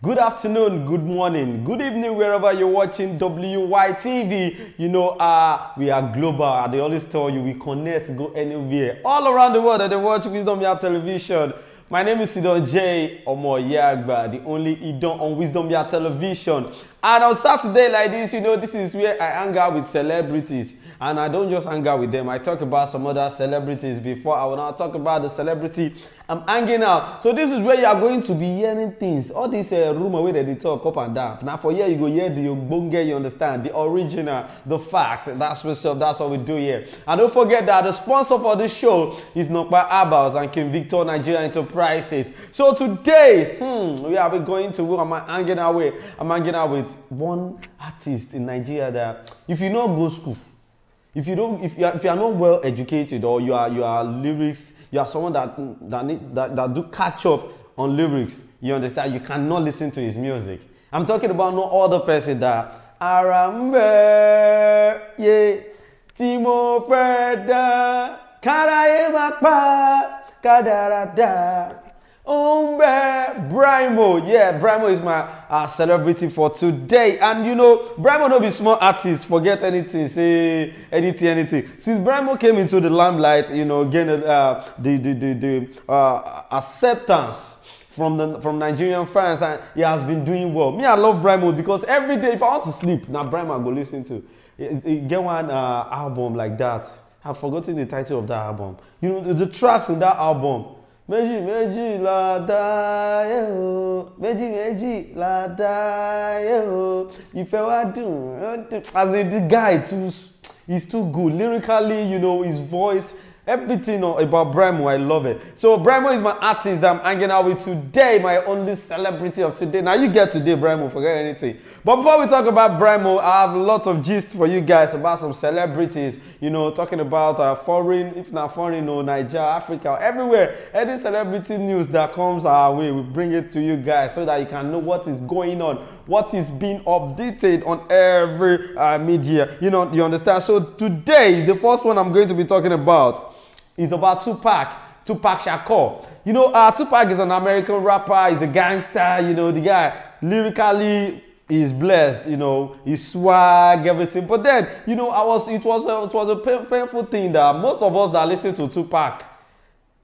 Good afternoon, good morning, good evening, wherever you're watching WYTV. You know, uh, we are global. I always tell you, we connect, go anywhere, all around the world at the World Wisdom Yard Television. My name is Sidon J. Omo Yagba, the only Idon on Wisdom Yard Television. And on Saturday like this, you know, this is where I hang out with celebrities. and I don't just hang out with them. I talk about some other celebrities before. I will now talk about the celebrity I'm hanging out. So this is where you are going to be hearing things. All this uh, rumor where they talk up and down. Now for here you go hear the bonge, you understand the original, the facts. That's what, up. That's what we do here. And don't forget that the sponsor for this show is Nokpa Abals and King Victor Nigeria Enterprises. So today, hmm, we are going to who am I hanging out with? I'm hanging out with one artist in Nigeria that if you know go school if you don't if you are, if you are not well educated or you are you are lyrics you are someone that that need, that, that do catch up on lyrics you understand you cannot lis ten to his music i'm talking about no other person that ara ń bẹ ye tí mo fẹ́ dán káráyé máa pa kádàrá dá. Umbe Brimo. Yeah, Brimo is my uh, celebrity for today. And you know, Brimo no be small artist, forget anything, say anything, anything. Since Brimo came into the limelight, you know, gained uh, the, the, the, the uh, acceptance from the from Nigerian fans and he has been doing well. Me, I love Brimo because every day if I want to sleep, now Brimo I go listen to. It, it get one uh, album like that. I've forgotten the title of that album. You know the, the tracks in that album méjì méjì la dáyé o méjì méjì la dáyé o ìfẹ́ wa dùn as in this guy too is too good lyrically you know his voice Everything about Bremo, I love it. So Bremo is my artist that I'm hanging out with today, my only celebrity of today. Now you get today, Bremo, forget anything. But before we talk about Bremo, I have lots of gist for you guys about some celebrities, you know, talking about uh, foreign, if not foreign, or Nigeria, Africa, everywhere. Any celebrity news that comes our way, we bring it to you guys so that you can know what is going on, what is being updated on every uh, media. You know, you understand? So today, the first one I'm going to be talking about it's about Tupac. Tupac Shakur. You know, uh, Tupac is an American rapper. He's a gangster. You know, the guy lyrically is blessed. You know, his swag, everything. But then, you know, I was. It was. A, it was a pain, painful thing that most of us that listen to Tupac,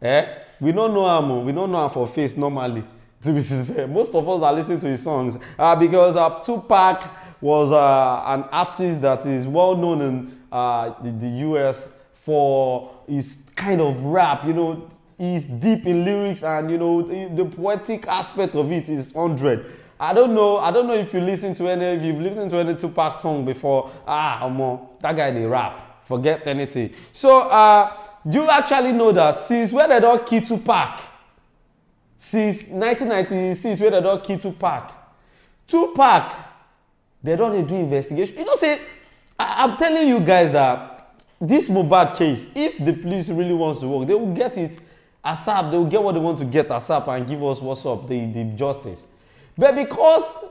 eh, we don't know him. Oh. We don't know him for face normally. To be sincere, most of us are listening to his songs uh, because uh, Tupac was uh, an artist that is well known in uh, the, the US for his kind of rap, you know, he's deep in lyrics and you know the poetic aspect of it is 100 i don't know i don't know if you listen to any if you've listened to any tupac song before ah omo that guy they rap forget anything so uh, you actually know that since wey dem Key to Park, since 1996 wey dem Key to tupac tupac they don't do investigation you know say i i'm telling you guys that this Mohbad case, if the police really wants to work, they will get it ASAP. They will get what they want to get ASAP and give us what's up, the, the justice. But because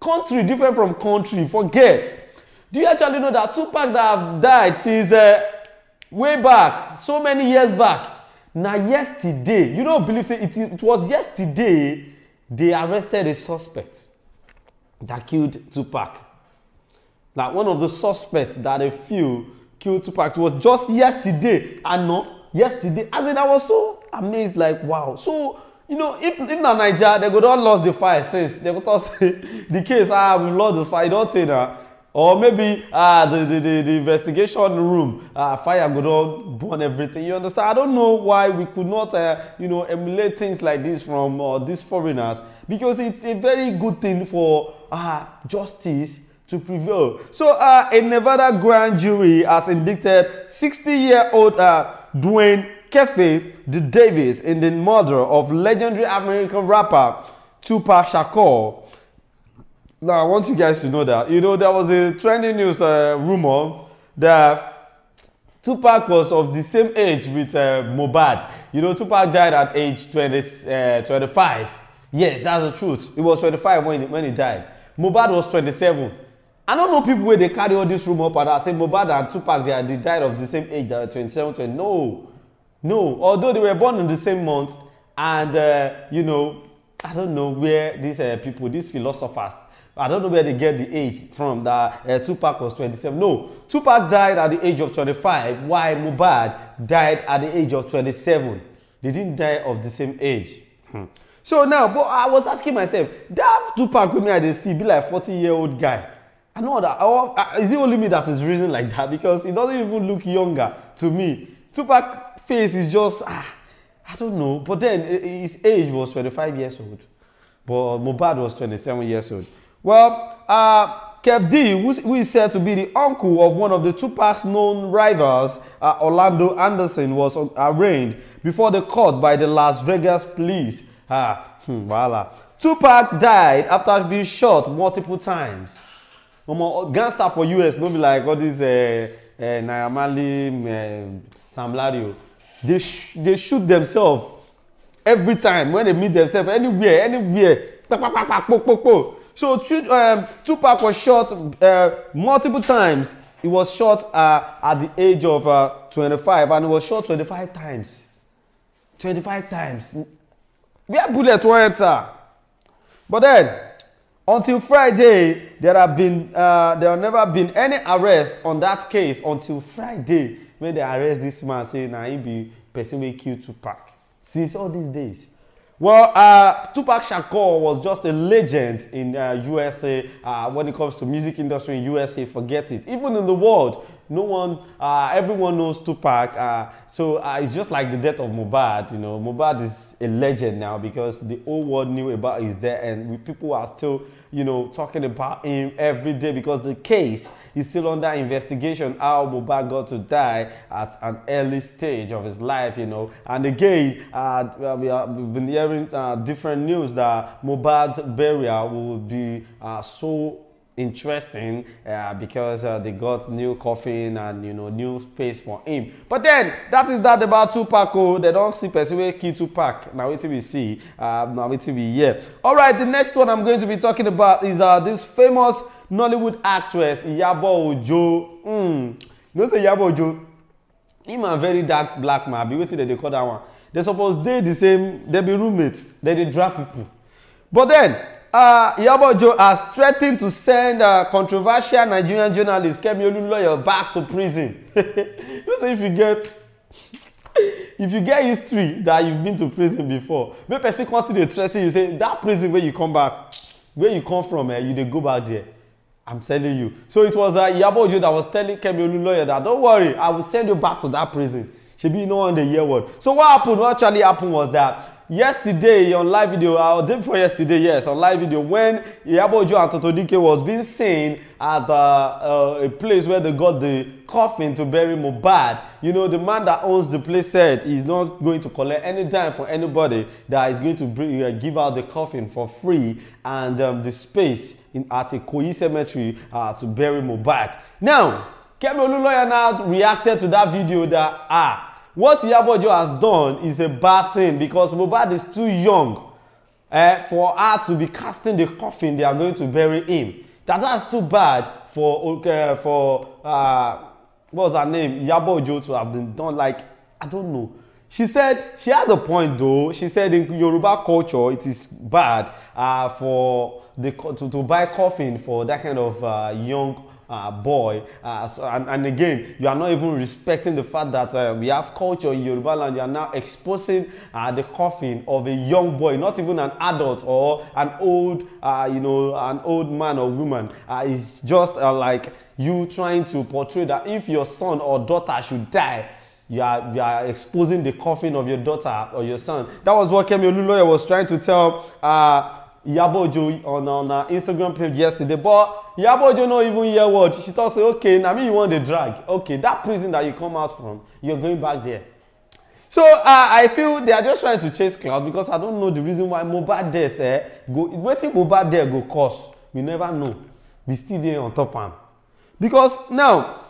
country different from country, forget. Do you actually know that Tupac that have died since uh, way back, so many years back, na yesterday, you don't believe say it, it was yesterday they arrested a suspect that killed Tupac. Like one of the suspects that they feel killed Tupac. It was just yesterday. I know, yesterday. As in, I was so amazed, like, wow. So, you know, if, if na Naija, they go all lost the fight since. They go talk say the case, ah, we lost the fight, don't say that, Or maybe ah, the, the, the, the investigation room, ah, fire go all burn everything. You understand? I don't know why we could not, uh, you know, emulate things like this from uh, these foreigners because it's a very good thing for uh, justice to prevail. So uh, a Nevada grand jury has indicted 60-year-old uh, Dwayne Kefe the Davis in the murder of legendary American rapper Tupac Shakur. Now, I want you guys to know that. You know, there was a trending news uh, rumor that Tupac was of the same age with uh, Mobad. You know, Tupac died at age 20, uh, 25. Yes, that's the truth. He was 25 when he, when he died. Mobad was 27. i don't know people where they carry all this rumour pada say mohbad and tupac they, they died of the same age that uh, twenty-seven twenty no no although they were born in the same month and uh, you know i don't know where these uh, people these philosophers i don't know where they get the age from that uh, tupac was 27. no tupac died at the age of 25. Why Mubad died at the age of 27? they didn't die of the same age. Hmm. so now but i was asking myself that tupac with me at the sea, be like 40 year old guy I know that. I, oh, uh, is it only me that is reasoning like that? Because it doesn't even look younger to me. Tupac face is just ah, I don't know. But then his age was 25 years old, but Mobad was 27 years old. Well, uh, Kev D, who is said to be the uncle of one of the Tupac's known rivals, uh, Orlando Anderson, was arraigned before the court by the Las Vegas police. Ah, hmm, voila. Tupac died after being shot multiple times. omo gangster for us no be like all these uh, uh, naira marley uh, sam larry they sh they shoot themselves every time when they meet themselves anywhere anywhere kpakpakpa kpokpokpo so um, tupac was shot uh, multiple times he was shot uh, at the age of uh, 25 and he was shot 25 times 25 times where bullet wan enter but then Until Friday, there have been uh, there have never been any arrest on that case until Friday. when they arrest this man saying now he be person wey kill Tupac. Since all these days, Well, uh, Tupac Shakur was just a legend in uh, USA uh, when it comes to music industry in USA. Forget it. Even in the world, no one, uh, everyone knows Tupac. Uh, so uh, it's just like the death of Mubad. You know, Mubad is a legend now because the whole world knew about his death, and we, people are still, you know, talking about him every day because the case He's still under investigation how Mubarak got to die at an early stage of his life, you know. And again, uh, uh we have been hearing uh, different news that Mubarak's burial will be uh, so interesting uh, because uh, they got new coffin and you know new space for him but then that is that about tupac oh they don't see person wey kill tupac wait till we see uh, wait till we hear all right the next one i'm going to be talking about is uh, this famous Nollywood actress Iyabo Ojo mm. you know say Iyabo Ojo him and very dark black man abi wetin dem dey call that one dem suppose dey the same dem be roommates dem dey drag people but then uh, Iyabo Ojo has threatened to send uh, controversial Nigerian journalist Kemi Olunloyo back to prison you know say if you get if you get history that you been to prison before make person come still dey threaten you say that prison wey you come back where you come from eh you dey go back there I'm telling you. So it was uh, you that was telling Kemiolu lawyer that don't worry, I will send you back to that prison. be no one the year one. So what happened? What actually happened was that yesterday on live video, I day before yesterday, yes, on live video, when Iyabojo and Totodike was being seen at uh, uh, a place where they got the coffin to bury Mubad, you know, the man that owns the place said he's not going to collect any dime for anybody that is going to bring, uh, give out the coffin for free and um, the space in, at a Koyi cemetery uh, to bury Mubad. Now, Kemi Oluloya now reacted to that video that, ah, what Iyabojo has done is a bad thing because Mubad is too young uh, for her to be casting the coffin they are going to bury him. That that's too bad for okay for uh, what was her name Iyabojo to have been done like I don't know. She said she had a point though. She said in Yoruba culture it is bad uh, for the to, to buy coffin for that kind of uh, young uh, boy. Uh, so, and, and, again, you are not even respecting the fact that uh, we have culture in Yoruba land. You are now exposing uh, the coffin of a young boy, not even an adult or an old, uh, you know, an old man or woman. Uh, it's just like you trying to portray that if your son or daughter should die, you are, you are exposing the coffin of your daughter or your son. That was what Kemi Oluloye was trying to tell Yabojo on, on her Instagram page yesterday, but Yabojo not even hear what She thought say, okay, now me you want the drag. Okay, that prison that you come out from, you're going back there. So uh, I feel they are just trying to chase cloud because I don't know the reason why mobile death eh, go wetin mobile death go cause. We never know. We still there on top am. Because now,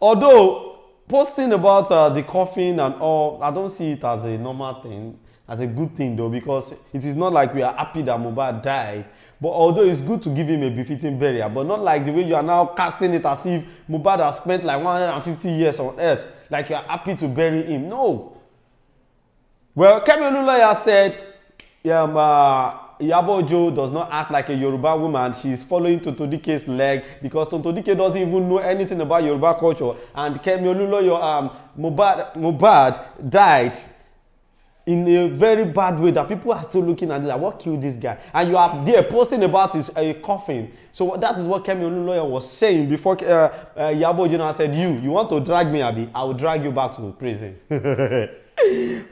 although posting about uh, the coffin and all, I don't see it as a normal thing as a good thing though because it is not like we are happy that Mohbad died but although it's good to give him a befitting burial but not like the way you are now casting it as if Mohbad has spent like one hundred and fifty years on earth like you are happy to bury him no well Kemi Olunloyo said um, uh, Iyabo does not act like a Yoruba woman. She is following Tontodike's leg because Tontodike doesn't even know anything about Yoruba culture. And Kemi Olunloyo, um, Mohbad, Mohbad died in a very bad way that people are still looking at it like what killed this guy and you are there posting about his uh, coffin so that is what kemi olunloyo was saying before uh, uh, yabo ojuna said you you want to drag me abi i will drag you back to prison.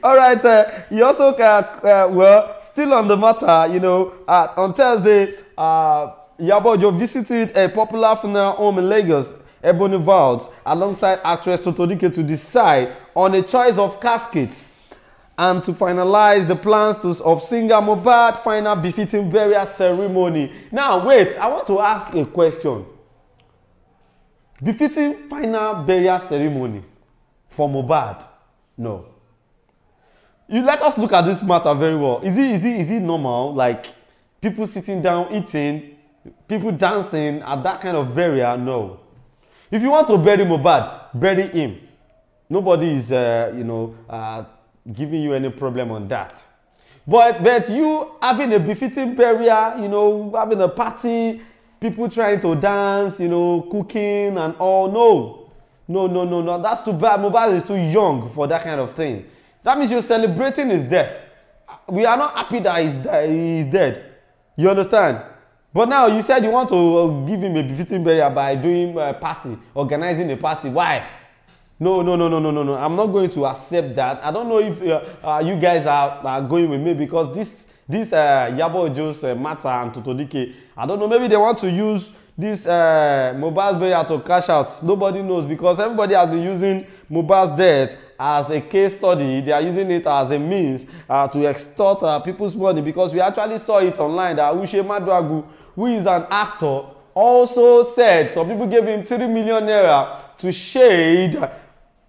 all right uh, you also uh, uh, well still on the matter you know uh, on thursday uh, yabo ojo visited a popular funeral home in lagos ebony vault alongside actress totodike to decide on a choice of casket and um, to finalize the plans to, of singer Mobad final befitting burial ceremony. Now, wait, I want to ask a question. Befitting final burial ceremony for Mobad? No. You let us look at this matter very well. Is it, is it, is it normal? Like people sitting down eating, people dancing at that kind of burial? No. If you want to bury Mobad, bury him. Nobody is, uh, you know, uh, giving you any problem on that. But but you having a befitting burial, you know, having a party, people trying to dance, you know, cooking and all. No, no, no, no, no. That's too bad. Mobile is too young for that kind of thing. That means you're celebrating his death. We are not happy that he's, that he's dead. You understand? But now you said you want to uh, give him a befitting burial by doing a uh, party, organizing a party. Why? no no no no no no no i'm not going to accept that i don't know if uh, uh, you guys are, are going with me because this this uh, yabo ojo's uh, matter and totodike i don't know maybe they want to use this uh, mohbad's burial to cash out nobody knows because everybody has been using mobiles debt as a case study they are using it as a means uh, to extort uh, people's money because we actually saw it online that ushe maduagu who is an actor also said some people gave him three million naira to shade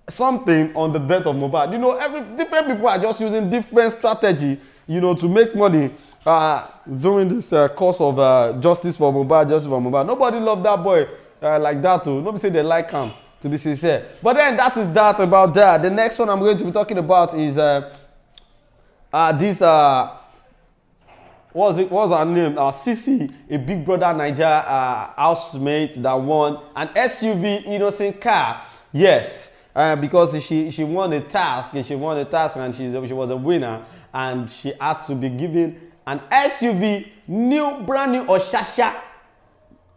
something on the death of Mohbad. You know, every different people are just using different strategy, you know, to make money uh, during this uh, course of uh, justice for Mohbad, justice for Mohbad. Nobody love that boy uh, like that, too. Oh. Nobody say they like him, to be sincere. But then that is that about that. The next one I'm going to be talking about is uh, uh, this. Uh, was it what's her name uh, cc a big brother naija uh, housemate that won an suv innocent car yes uh, because she, she won the task, and she won the task and she, she was a winner and she had to be given an SUV, new, brand new Oshasha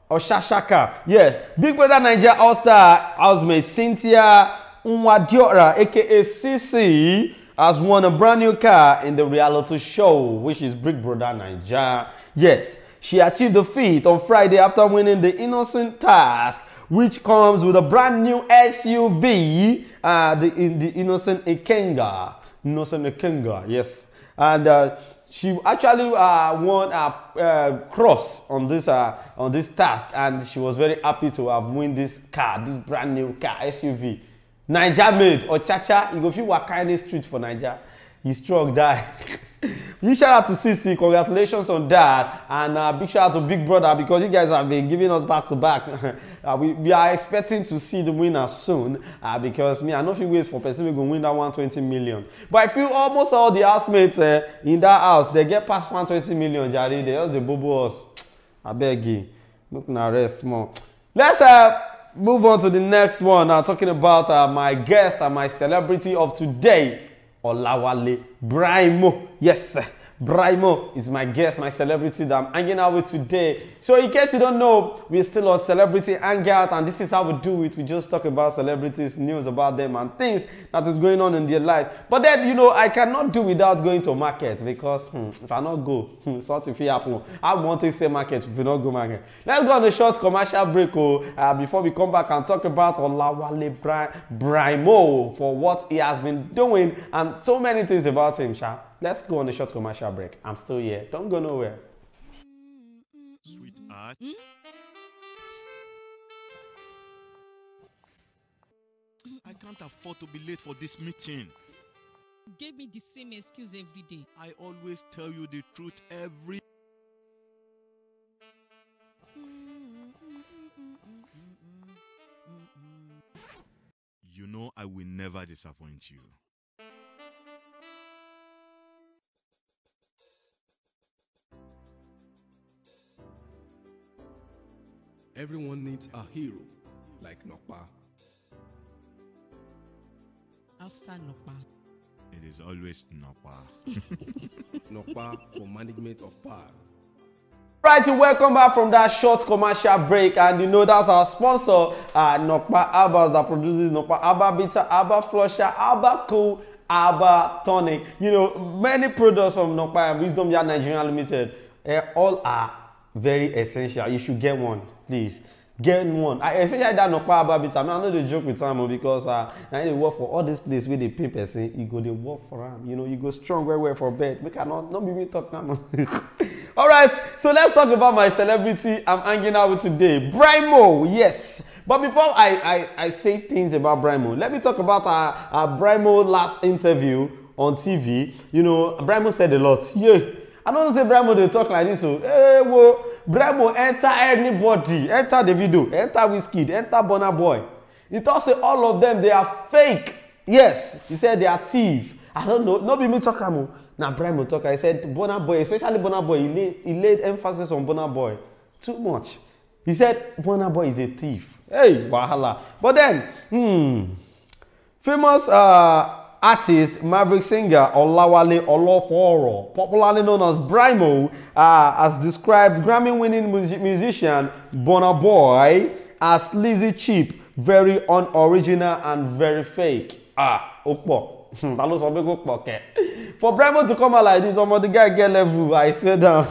Oshashaka. Yes, Big Brother Niger All-Star housemate Cynthia Nwadiora, aka CC, has won a brand new car in the reality show, which is Big Brother Niger. Yes, she achieved the feat on Friday after winning the innocent task which comes with a brand new SUV, uh, the, the Innocent Ikenga. Innocent Ikenga, yes. And uh, she actually uh, won a uh, cross on this uh, on this task, and she was very happy to have won this car, this brand new car SUV. Niger made Ochacha. You go if you were kind of street for Niger, you struck die. Big shout out to CC. Congratulations on that. And uh, big shout out to Big Brother because you guys have been giving us back to back. Uh, we, we are expecting to see the winner soon uh, because me, I know if you wait for person, we're going to win that 120 million. But I feel almost all the housemates uh, in that house, they get past 120 million, Jari. They just the bubbles. I beg you. Look, now rest more. Let's uh, move on to the next one. Now, uh, talking about uh, my guest and my celebrity of today. Ọláwálé Braimo yes Brimo is my guest, my celebrity that I'm hanging out with today. So in case you don't know, we're still on Celebrity Hangout and this is how we do it. We just talk about celebrities, news about them and things that is going on in their lives. But then, you know, I cannot do without going to market because hmm, if I not go, hmm, something will happen. I want to say market if you not go market. Let's go on a short commercial break oh, uh, before we come back and talk about Olawale Brimo for what he has been doing and so many things about him, Sha. Let's go on a short commercial break. I'm still here. Don't go nowhere. Sweetheart. Hmm? I can't afford to be late for this meeting. Give me the same excuse every day. I always tell you the truth every You know I will never disappoint you. Everyone needs a hero like Nokpa. After Nokpa, it is always Nokpa. Nokpa for management of power. Right, welcome back from that short commercial break, and you know that's our sponsor, uh, Nokpa Abas, that produces Nokpa Abba Bitter, Abba Flusher, Abba Cool, Abba Tonic. You know, many products from Nokpa and Wisdom Yard Nigeria Limited, eh, all are very essential you should get one please get one i especially that napa ababita man i no dey joke with am o because uh, na him dey work for all this place wey dey pay person you go dey work for am you know you go strong well well for bed make i no no be me talk am all right so let's talk about my celebrity i'm hanging out with today brimo yes but before i i i say things about brimo let me talk about our our brimo last interview on tv you know brimo said a lot yeah i no know say brimo dey talk like this o oh. so, eh hey, wo. Well, bremo enter anybody enter davido enter whiskey enter burna boy he told say all of them they are fake yes he said they are thief i don't know no be me talk am o bremo talk I said burna boy especially burna boy he laid he laid emphasis on burna boy too much he said burna boy is a thief hey wahala but then hmm, famous. Uh, artist, maverick singer Olawale Oloforo, popularly known as Brimo, uh, has described Grammy-winning music musician Bonaboy Boy as lazy cheap, very unoriginal and very fake. Ah, okpo. Hmm, that ló a pé For Brimo to come out like this, ọmọ the guy get level, I swear down.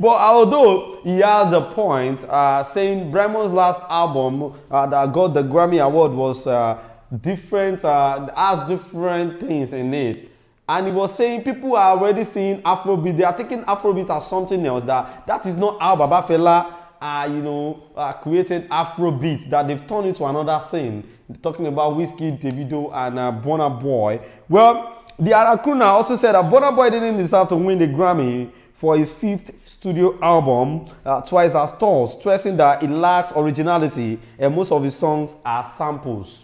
But although he has a point, uh, saying Brimo's last album uh, that got the Grammy award was uh, different, uh, has different things in it. And he was saying people are already seeing Afrobeat. They are taking Afrobeat as something else. That that is not how Baba Fela uh, you know, uh, created Afrobeat that they've turned into another thing. Talking about Whiskey, Davido, and uh, Bonner Boy. Well, the Arakuna also said that Bonner Boy didn't deserve to win the Grammy for his fifth studio album, uh, Twice as Tall, stressing that it lacks originality and most of his songs are samples.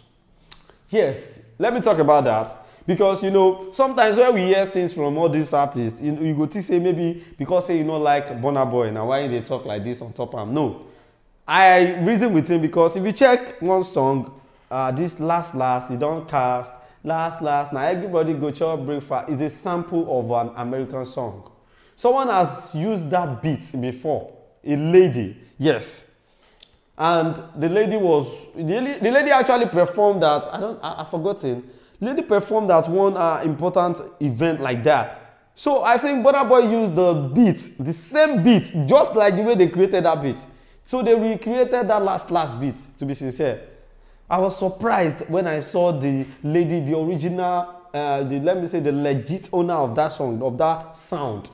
Yes, let me talk about that because you know sometimes when we hear things from all these artists you, you go think say maybe because say you know like burna boy now why they talk like this on top am no i reason with him because if you check one song uh, this last last you e don't cast last last now everybody go chop breakfast is a sample of an american song someone has used that beat before a lady yes and the lady was the lady, the lady actually performed that i don't i, I forgotten lady performed that one uh, important event like that so i think burna boy used the beat the same beat just like the way they created that beat so they recreated that last last beat to be sincere i was surprised when i saw the lady the original uh, the let me say the legit owner of that song of that sound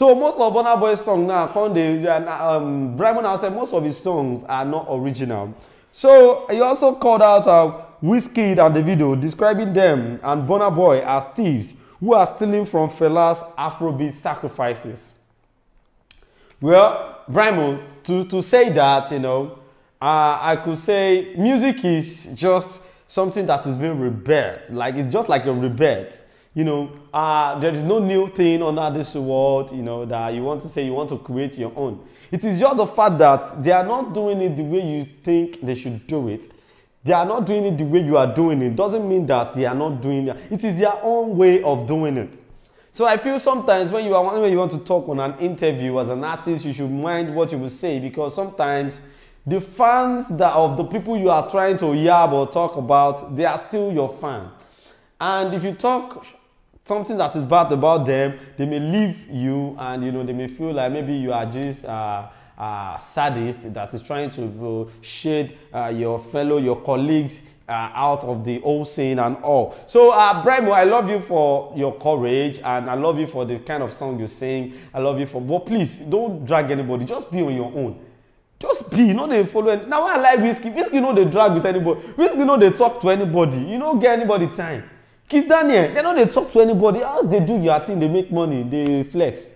So most of Burna Boy's song now, come the um, Brahman said most of his songs are not original. So he also called out uh, Wizkid and video, describing them and Burna Boy as thieves who are stealing from Fela's Afrobeat sacrifices. Well, Brahman, to, to say that, you know, uh, I could say music is just something that is being rebirthed. Like it's just like a rebirth you know, uh, there is no new thing under this world, you know, that you want to say you want to create your own. It is just the fact that they are not doing it the way you think they should do it. They are not doing it the way you are doing it. Doesn't mean that they are not doing it. It is their own way of doing it. So I feel sometimes when you are when you want to talk on an interview as an artist, you should mind what you will say because sometimes the fans that of the people you are trying to yab or talk about, they are still your fan. And if you talk something that is bad about them they may leave you and you know they may feel like maybe you are just uh, uh, sadist that is trying to uh, shade uh, your fellow your colleagues uh, out of the whole scene and all. So, uh, Brimo, I love you for your courage and I love you for the kind of song you sing. I love you for, but please don't drag anybody. Just be on your own. Just be, you know they follow. now I like whiskey. Whiskey you know they drag with anybody. Whiskey you know they talk to anybody. You don't get anybody time kiss daniel dem no dey talk to anybody as dey do your thing dey make money dey flex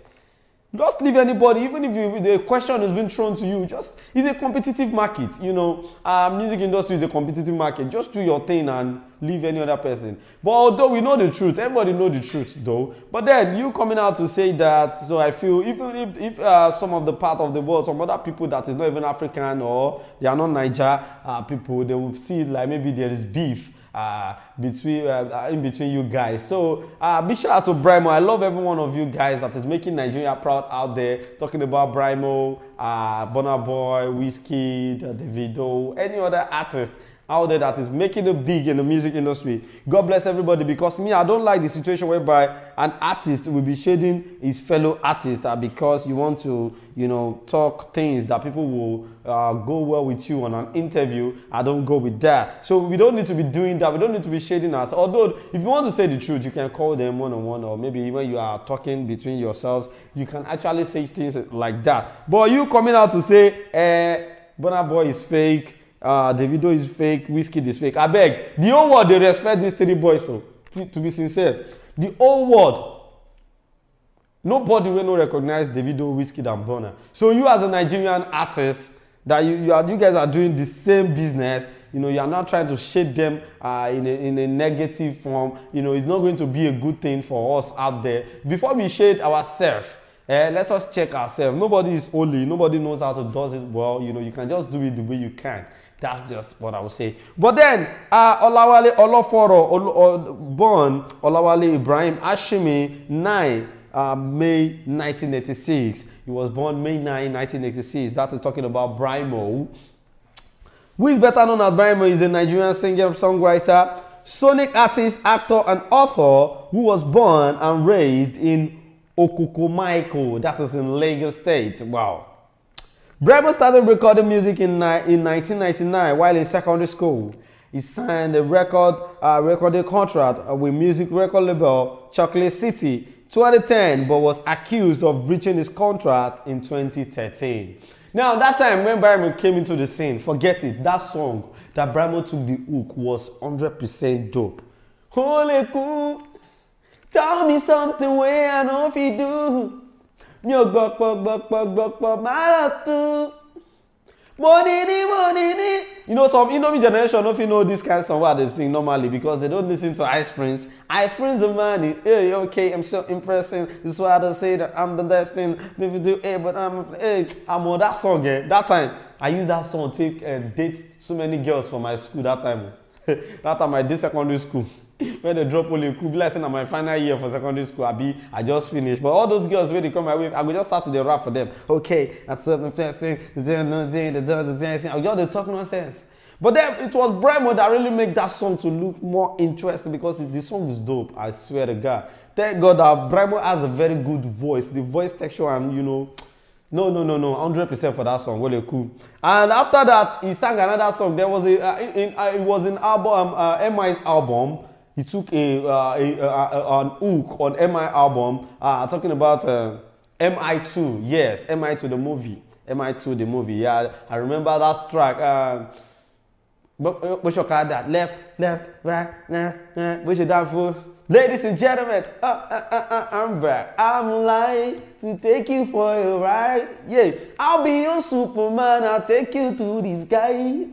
just leave anybody even if you, the question is being thrown to you just it's a competitive market you know uh, music industry is a competitive market just do your thing and leave any other person but although we know the truth everybody know the truth though but then you coming out to say that so i feel even if if uh, some of the part of the world some other people that is not even african or they are not niger uh, people they will see like maybe there is beef uh, between uh, in between you guys. So uh, be shout to Brimo. I love every one of you guys that is making Nigeria proud out there. Talking about Brimo, uh, Bonaboy, Whiskey, uh, Davido, any other artist out there that is making it big in the music industry. God bless everybody because me, I don't like the situation whereby an artist will be shading his fellow artist uh, because you want to, you know, talk things that people will uh, go well with you on an interview. I don't go with that. So we don't need to be doing that. We don't need to be shading us. Although, if you want to say the truth, you can call them one on one or maybe when you are talking between yourselves, you can actually say things like that. But you coming out to say, eh, Bonaboy is fake ah davido is fake Whiskey, is fake abeg the whole world dey respect these three boys o oh, to, to be sincere the whole world nobody wey no recognize davido Whiskey, and burna so you as a nigerian artist that you you, are, you guys are doing the same business you know you are not trying to shade them uh, in, a, in a negative form you know it's not going to be a good thing for us out there before we shade ourselves eh, let us check ourselves nobody is holy nobody knows how to do it well you know you can just do it the way you can That's just what I would say. But then, uh, Olawale Oloforo, Ol Ol born Olawale Ibrahim Ashimi, 9 uh, May 1986. He was born May 9, 1986. That is talking about Brimo. Who is better known as Brimo is a Nigerian singer, songwriter, sonic artist, actor, and author who was born and raised in Okuko Michael. That is in Lagos State. Wow. Brebo started recording music in, in 1999 while in secondary school. He signed a record uh, recording contract with music record label Chocolate City 2010 but was accused of breaching his contract in 2013. Now that time when Bremo came into the scene, forget it, that song that Bremo took the hook was 100% dope. Holy cool, tell me something where I know if you do. mi ò gbọ̀pọ̀ gbọ̀pọ̀ gbọ̀pọ̀ máa lọ tún mo ní ní mo ní ní. you know some indomie generation no fit know this kind of song wey i dey sing normally because they don't lis ten to ice prince ice prince the man hey okay i'm so impressing this is why i don say that i'm the best destined maybe do hey but i'm hey i'm on that song eh that time i use that song take uh, date so many girls for my school that time that time i dey secondary school. When dey drop only cool be like say na my final year for secondary school be, i just finished. but all those girls when they come my way i will just start to dey rap for them okay that's so the first thing the thing the thing the i go just talk nonsense but then it was bremo that really make that song to look more interesting because the song is dope i swear to god thank god that bremo has a very good voice the voice texture and you know no no no no hundred percent for that song wele well, cool and after that he sang another song there was a uh, in, uh, it was in album uh, mi's album He took a, uh, a, a, uh, uh, uh, an hook on MI album, uh, talking about uh, MI2. Yes, MI2 the movie. MI2 the movie. Yeah, I remember that track. Uh, Bush that left, left, right, nah, nah, Bush Danfo. Ladies and gentlemen, uh, uh, uh, uh, I'm back. I'm lying to take you for a ride. Yeah, I'll be your Superman, I'll take you to the sky.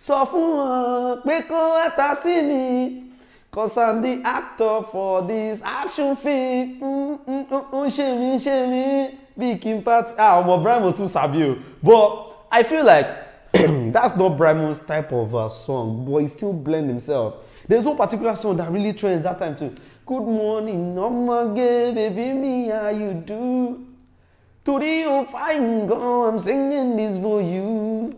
So fún wọn pé kó wá ta sí mi. Cause I'm the actor for this action film. Ń mm, mm, mm, ṣe mí ṣe mí bí Kim Pat. Ah, my Brimo was too o. But I feel like that's not Brimo's type of uh, song, but he still blend himself. There's one particular song that really trends that time too. Good morning, ọmọge, baby me, how you do? Today you're fine girl, I'm singing this for you.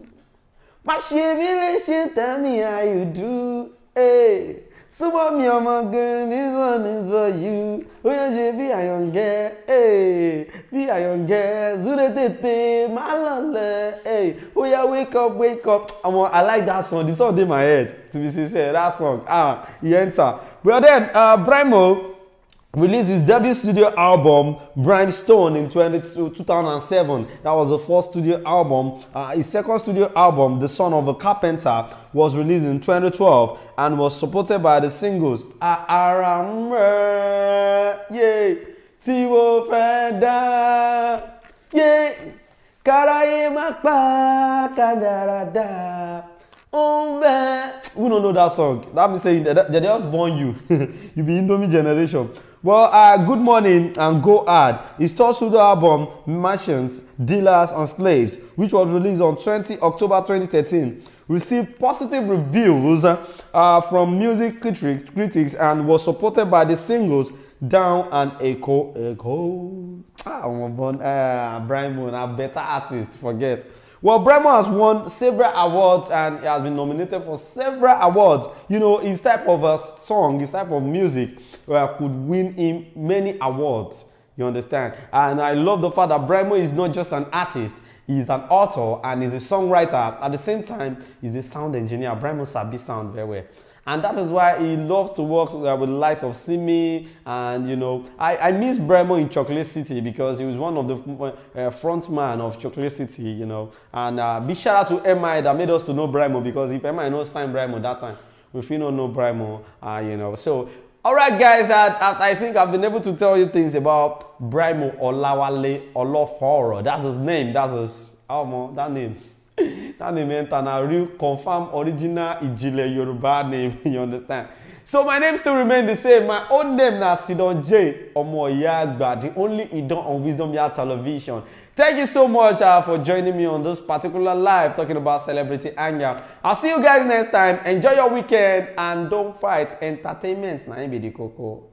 My ṣe mí léṣe, tell me how you do. Hey súnmọ́ mi ọmọ gan this one is for you ó yàn ṣe bí àyàngẹ́ bí àyàngẹ́ zúre tètè má lọlẹ̀ ó yà wake up wake up ọmọ i like that song the song dey my head to be sincere that song ah e enter but then uh, Brimo released his debut studio album brimstone in 20, 2007 that was the first studio album uh, his second studio album the son of a carpenter was released in 2012 and was supported by the singles ara ń rẹ̀ yé tí mo fẹ́ dá yé Umbe. Who don't know that song? That means saying Jade was born you. you be Indomie generation. Well, uh, good morning and go hard. His third studio album, Merchants, Dealers and Slaves, which was released on 20 October 2013, received positive reviews uh, from music critics, critics and was supported by the singles Down and Echo. Echo. Ah, born, uh, Brian Moon, a better artist, forget. Well, Bremo has won several awards and he has been nominated for several awards. You know, his type of uh, song, his type of music uh, could win him many awards. You understand? And I love the fact that Bremo is not just an artist, he's an author and he's a songwriter. At the same time, he's a sound engineer. Bremo Sabi sound very well. And that is why he loves to work uh, with the likes of Simi and, you know, I, I miss Bremo in Chocolate City because he was one of the uh, front man of Chocolate City, you know. And uh, big shout out to MI that made us to know Bremo because if MI not signed Bremo that time, we feel not know Bremo, uh, you know. So All right, guys, I, I, think I've been able to tell you things about Brimo Olawale Oloforo. That's his name, that's his, oh, that name. that name enter na real confirm original Ijile Yoruba name, you understand? So my name still remains the same. My own name is Sidon J Omoyagba, the only Idon on Wisdom Yard Television. Thank you so much uh, for joining me on this particular live talking about celebrity anger. I'll see you guys next time. Enjoy your weekend and don't fight. Entertainment na be the koko.